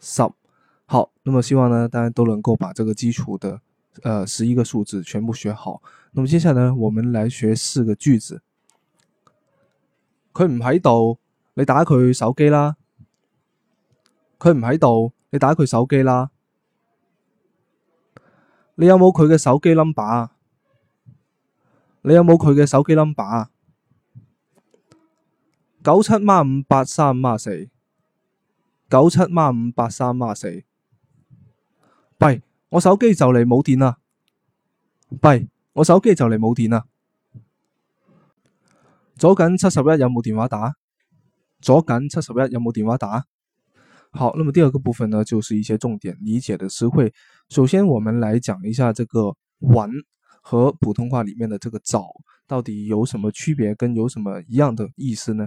十，好，那麼希望呢，大家都能夠把這個基礎的，呃，十一個數字全部學好。那麼接下來呢，我們來學四個句子。佢唔喺度，你打佢手機啦。佢唔喺度，你打佢手機啦。你有冇佢嘅手機 number？你有冇佢嘅手機 number？九七孖五八三孖四。九七孖五八三孖四，弊，我手機就嚟冇電啦！弊，我手機就嚟冇電啦！左緊七十一有冇電話打？左緊七十一有冇電話打？好，那麼第二個部分呢，就是一些重點理解的詞彙。首先，我們來講一下這個“搵”和普通話裏面的這個“找”到底有什麼區別，跟有什麼一樣的意思呢？